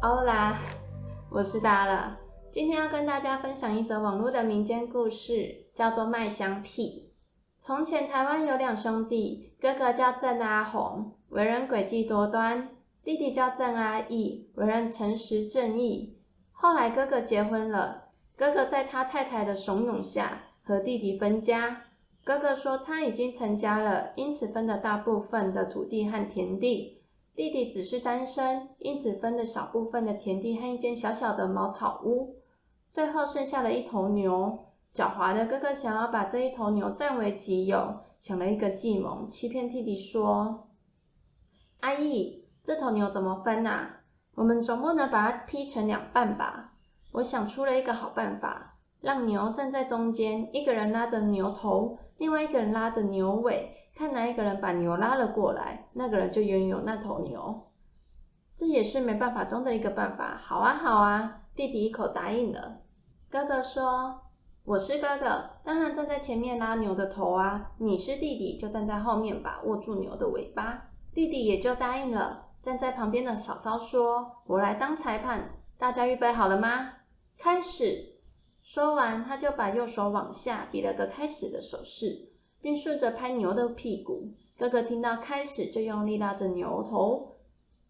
歐啦，Hola, 我是大了。今天要跟大家分享一則網絡的民間故事，叫做《賣香屁》。從前台灣有兩兄弟，哥哥叫鄭阿紅，為人詭計多端；弟弟叫鄭阿義，為人誠實正義。後來哥哥結婚了，哥哥在他太太的慫恿下和弟弟分家。哥哥說他已經成家了，因此分了大部分的土地和田地。弟弟只是單身，因此分了小部分的田地和一間小小的茅草屋，最後剩下了一頭牛。狡猾的哥哥想要把這一頭牛占為己有，想了一個計謀，欺騙弟弟說：“阿義，這頭牛怎麼分啊？我們總不能把它劈成兩半吧？”我想出了一個好辦法，讓牛站在中間，一個人拉着牛頭，另外一個人拉着牛尾。看哪一個人把牛拉了過來，那個人就擁有那頭牛。這也是沒辦法中的一個辦法。好啊，好啊，弟弟一口答應了。哥哥說：“我是哥哥，當然站在前面拉牛的頭啊。你是弟弟，就站在後面把握住牛的尾巴。”弟弟也就答應了。站在旁邊的嫂嫂說：“我來當裁判，大家預備好了嗎？開始！”說完，他就把右手往下比了個開始的手勢。並順着拍牛的屁股。哥哥聽到開始，就用力拉着牛頭，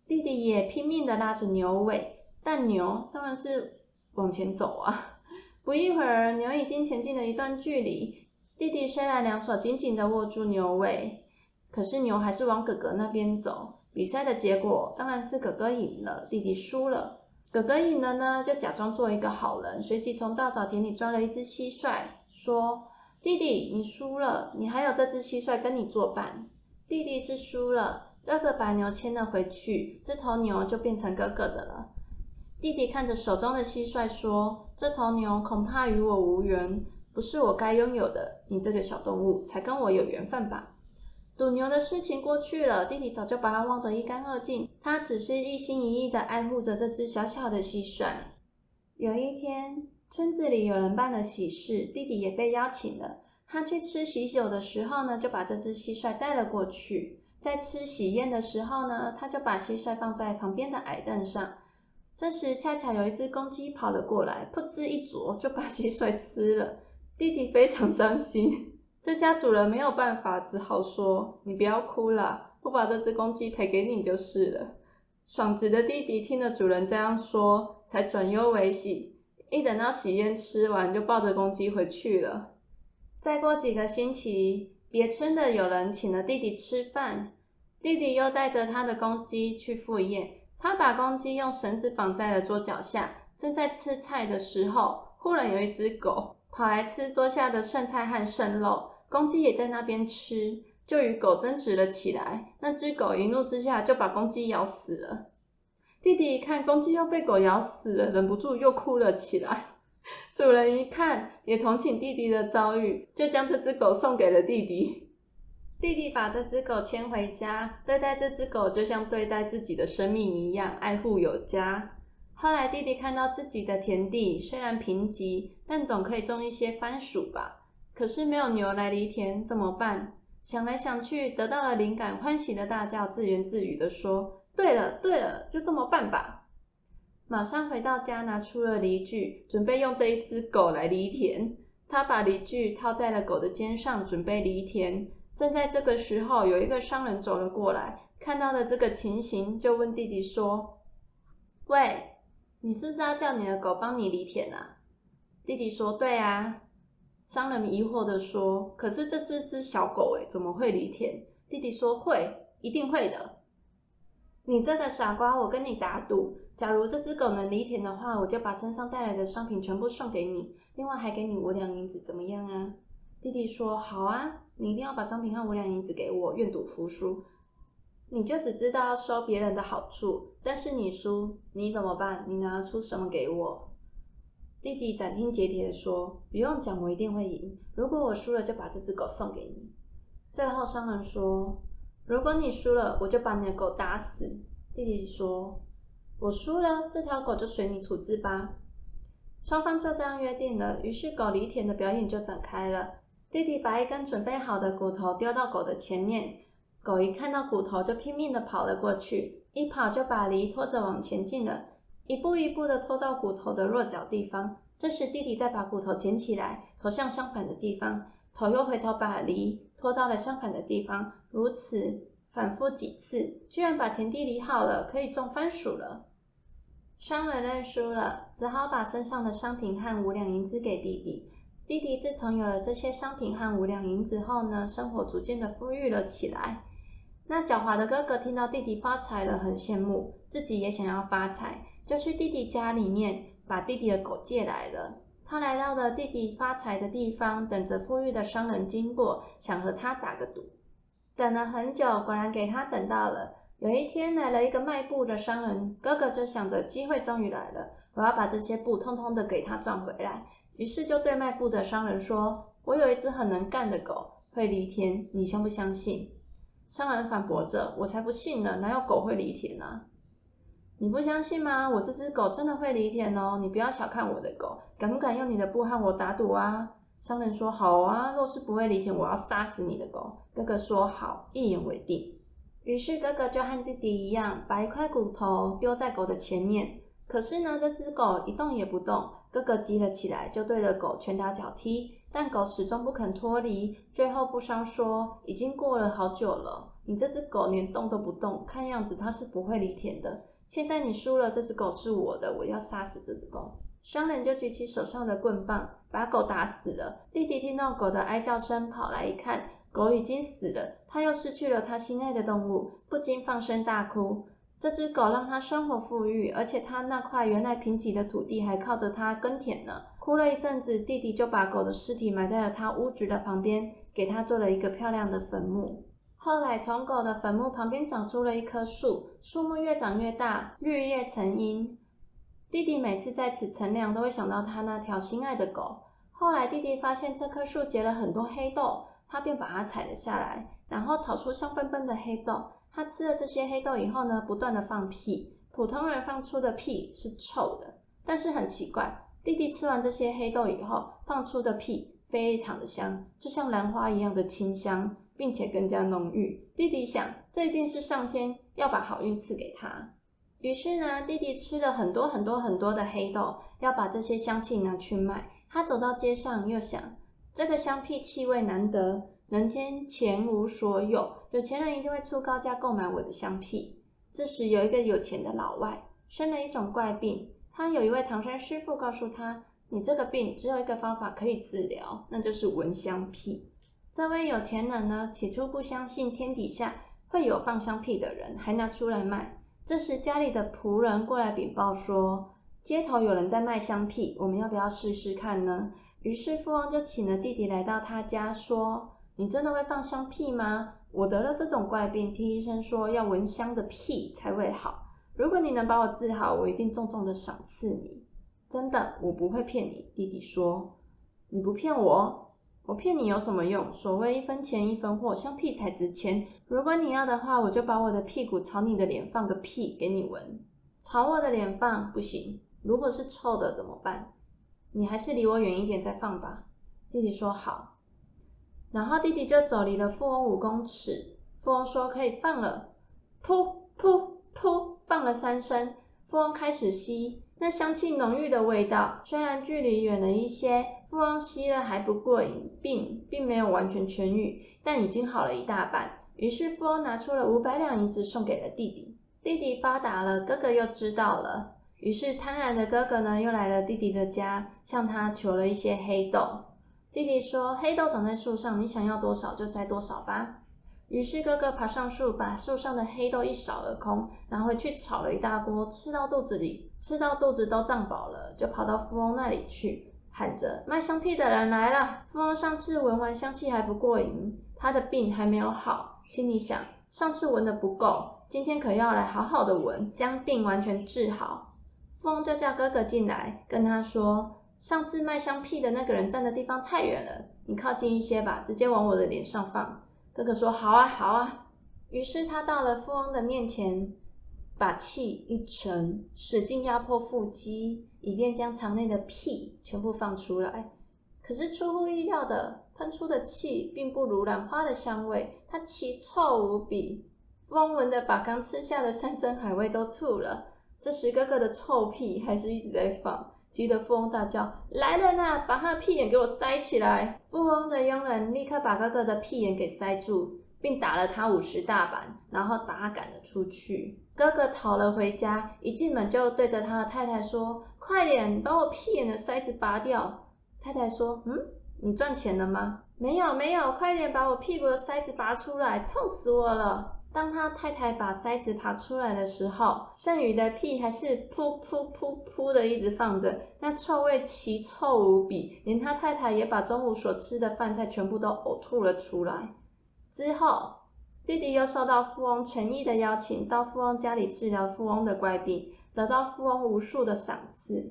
弟弟也拼命地拉着牛尾。但牛當然是往前走啊。不一會兒，牛已經前進了一段距離。弟弟雖然兩手緊緊地握住牛尾，可是牛還是往哥哥那邊走。比賽的結果當然是哥哥贏了，弟弟輸了。哥哥贏了呢，就假裝做一個好人，隨即從稻草田裡抓了一隻蟋蟀，說。弟弟，你輸了，你還有這隻蟋蟀跟你作伴。弟弟是輸了，哥哥把牛牽了回去，這頭牛就變成哥哥的了。弟弟看着手中的蟋蟀說：“這頭牛恐怕與我無緣，不是我該擁有的。你這個小動物，才跟我有緣分吧？”賭牛的事情過去了，弟弟早就把它忘得一乾二淨。他只是一心一意地愛護着這隻小小的蟋蟀。有一天，村子裡有人辦了喜事，弟弟也被邀請了。他去吃喜酒的時候呢，就把這只蟋蟀帶了過去。在吃喜宴的時候呢，他就把蟋蟀放在旁邊的矮凳上。這時恰巧有一只公雞跑了過來，噗哧一啄，就把蟋蟀吃了。弟弟非常傷心。 這家主人沒有辦法，只好說：“你不要哭啦，我把這只公雞賠給你就是了。”爽直的弟弟聽了主人這樣說，才轉憂為喜。一等到喜宴吃完，就抱着公雞回去了。再過幾個星期，別村的有人請了弟弟吃飯，弟弟又帶着他的公雞去赴宴。他把公雞用繩子綁在了桌腳下，正在吃菜的時候，忽然有一隻狗跑來吃桌下的剩菜和剩肉，公雞也在那邊吃，就與狗爭執了起來。那隻狗一怒之下，就把公雞咬死了。弟弟一看公雞又被狗咬死了，忍不住又哭了起來。 主人一看，也同情弟弟的遭遇，就將這隻狗送給了弟弟。弟弟把這隻狗牽回家，對待這隻狗就像對待自己的生命一樣，愛護有加。後來，弟弟看到自己的田地雖然貧瘠，但總可以種一些番薯吧。可是沒有牛來犁田，怎麼辦？想來想去，得到了靈感，歡喜的大叫，自言自語的說。對了，對了，就這麼辦吧。馬上回到家，拿出了犁具，準備用這一只狗來犁田。他把犁具套在了狗的肩上，準備犁田。正在這個時候，有一個商人走了過來，看到了這個情形，就問弟弟說：“餵，你是不是要叫你的狗幫你犁田啊？”弟弟說：“對啊。”商人疑惑地說：“可是這是只小狗誒、欸，怎麼會犁田？”弟弟說：“會，一定會的。”你這個傻瓜，我跟你打賭，假如這隻狗能犁田的話，我就把身上帶來的商品全部送給你，另外還給你五兩銀子，怎麼樣啊？弟弟說，好啊，你一定要把商品和五兩銀子給我，願賭服輸。你就只知道要收別人的好處，但是你輸，你怎麼辦？你拿出什麼給我？弟弟斬釘截鐵地說，不用講，我一定會贏。如果我輸了，就把這隻狗送給你。最後商人說。如果你輸了，我就把你的狗打死。”弟弟說，“我輸了，這條狗就隨你處置吧。”雙方就這樣約定了。於是狗犁田的表演就展開了。弟弟把一根準備好的骨頭丟到狗的前面，狗一看到骨頭就拼命的跑了過去，一跑就把犁拖着往前進了，一步一步地拖到骨頭的落腳地方。這時弟弟再把骨頭撿起來，投向相反的地方。頭又回頭把犁拖到了相反的地方，如此反覆幾次，居然把田地犁好了，可以種番薯了。商人認輸了，只好把身上的商品和五兩銀子給弟弟。弟弟自從有了這些商品和五兩銀子後呢，生活逐漸的富裕了起來。那狡猾的哥哥聽到弟弟發財了，很羨慕，自己也想要發財，就去弟弟家裡面把弟弟的狗借來了。他來到了弟弟發財的地方，等着富裕的商人經過，想和他打個賭。等了很久，果然給他等到了。有一天來了一個賣布的商人，哥哥就想着機會終於來了，我要把這些布通通的給他賺回來。於是就對賣布的商人說：“我有一隻很能幹的狗，會犁田，你相不相信？”商人反駁着：“我才不信呢，哪有狗會犁田呢？”你不相信嗎？我這只狗真的會犁田哦！你不要小看我的狗，敢不敢用你的布和我打賭啊？商人說：“好啊，若是不會犁田，我要殺死你的狗。”哥哥說：“好，一言為定。”於是哥哥就和弟弟一樣，把一塊骨頭丟在狗的前面。可是呢，這只狗一動也不動。哥哥急了起來，就對着狗拳打腳踢，但狗始終不肯脫離。最後，布商說：“已經過了好久了，你這只狗連動都不動，看樣子它是不會犁田的。”現在你輸了，這隻狗是我的，我要殺死這隻狗。商人就舉起手上的棍棒，把狗打死了。弟弟聽到狗的哀叫聲，跑來一看，狗已經死了，他又失去了他心愛的動物，不禁放聲大哭。這隻狗讓他生活富裕，而且他那塊原來貧瘠的土地還靠着他耕田呢。哭了一陣子，弟弟就把狗的屍體埋在了他屋脊的旁邊，給他做了一個漂亮的墳墓。後來，從狗的墳墓旁邊長出了一棵樹，樹木越長越大，綠葉成蔭。弟弟每次在此乘涼，都會想到他那條心愛的狗。後來，弟弟發現這棵樹結了很多黑豆，他便把它採了下來，然後炒出香噴噴的黑豆。他吃了這些黑豆以後呢，不斷的放屁。普通人放出的屁是臭的，但是很奇怪，弟弟吃完這些黑豆以後，放出的屁非常的香，就像蘭花一樣的清香。並且更加濃郁。弟弟想，這一定是上天要把好運賜給他。於是呢，弟弟吃了很多很多很多的黑豆，要把這些香氣拿去賣。他走到街上，又想，這個香屁氣味難得，人間前無所有，有錢人一定會出高價購買我的香屁。這時有一個有錢的老外生了一種怪病，他有一位唐山師傅告訴他：“你這個病只有一個方法可以治療，那就是聞香屁。”這位有錢人呢，起初不相信天底下會有放香屁的人，還拿出來賣。這時，家裡的僕人過來稟報說，街頭有人在賣香屁，我們要不要試試看呢？於是，富翁就請了弟弟來到他家，說：“你真的會放香屁嗎？我得了這種怪病，聽醫生說要聞香的屁才會好。如果你能把我治好，我一定重重的賞賜你。”“真的，我不會騙你。”弟弟說，“你不騙我。”我騙你有什麼用？所謂一分錢一分貨，香屁才值錢。如果你要的話，我就把我的屁股朝你的臉放個屁給你聞。朝我的臉放不行，如果是臭的怎麼辦？你還是離我遠一點再放吧。弟弟說好，然後弟弟就走離了富翁五公尺。富翁說可以放了，噗，噗噗噗，放了三聲。富翁開始吸。那香氣濃郁的味道，雖然距離遠了一些，富翁吸了還不過癮，病並沒有完全痊癒，但已經好了一大半。於是富翁拿出了五百兩銀子送給了弟弟。弟弟發達了，哥哥又知道了，於是貪婪的哥哥呢又來了弟弟的家，向他求了一些黑豆。弟弟說：“黑豆長在樹上，你想要多少就摘多少吧。”於是哥哥爬上樹，把樹上的黑豆一掃而空，然後去炒了一大鍋，吃到肚子裡，吃到肚子都脹飽了，就跑到富翁那裡去，喊着賣香屁的人來了。富翁上次聞完香氣還不過癮，他的病還沒有好，心裡想上次聞得不夠，今天可要來好好的聞，將病完全治好。富翁就叫哥哥進來，跟他說，上次賣香屁的那個人站的地方太遠了，你靠近一些吧，直接往我的臉上放。哥哥說：“好啊，好啊。”於是他到了富翁的面前，把氣一沉，使勁壓迫腹肌，以便將腸內的屁全部放出來。可是出乎意料的，噴出的氣並不如蘭花的香味，它奇臭無比，富翁聞得把剛吃下的山珍海味都吐了。這時哥哥的臭屁還是一直在放。急得富翁大叫：“來人啊，把他的屁眼給我塞起來！”富翁的傭人立刻把哥哥的屁眼給塞住，並打了他五十大板，然後把他趕了出去。哥哥逃了回家，一進門就對着他的太太說：“快點把我屁眼的塞子拔掉！”太太說：“嗯，你賺錢了嗎？沒有，沒有，快點把我屁股的塞子拔出來，痛死我了。”當他太太把塞子拔出來的時候，剩餘的屁還是噗噗噗噗的一直放着，那臭味奇臭無比，連他太太也把中午所吃的飯菜全部都嘔吐了出來。之後，弟弟又受到富翁誠意的邀請，到富翁家裡治療富翁的怪病，得到富翁無數的賞賜。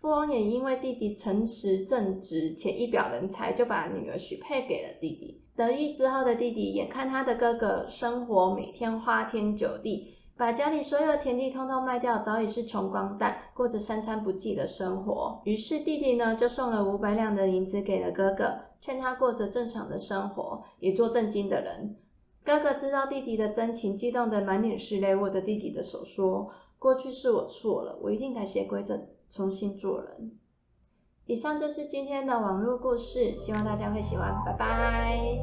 富翁也因為弟弟誠實正直且一表人才，就把女兒許配給了弟弟。得意之後的弟弟，眼看他的哥哥生活每天花天酒地，把家裡所有的田地通通賣掉，早已是窮光蛋，過着三餐不濟的生活。於是弟弟呢，就送了五百兩的銀子給了哥哥，勸他過着正常的生活，也做正經的人。哥哥知道弟弟的真情，激動得滿臉是淚，握着弟弟的手說：“過去是我錯了，我一定改邪歸正。”重新做人。以上就是今天的網絡故事，希望大家會喜歡。拜拜。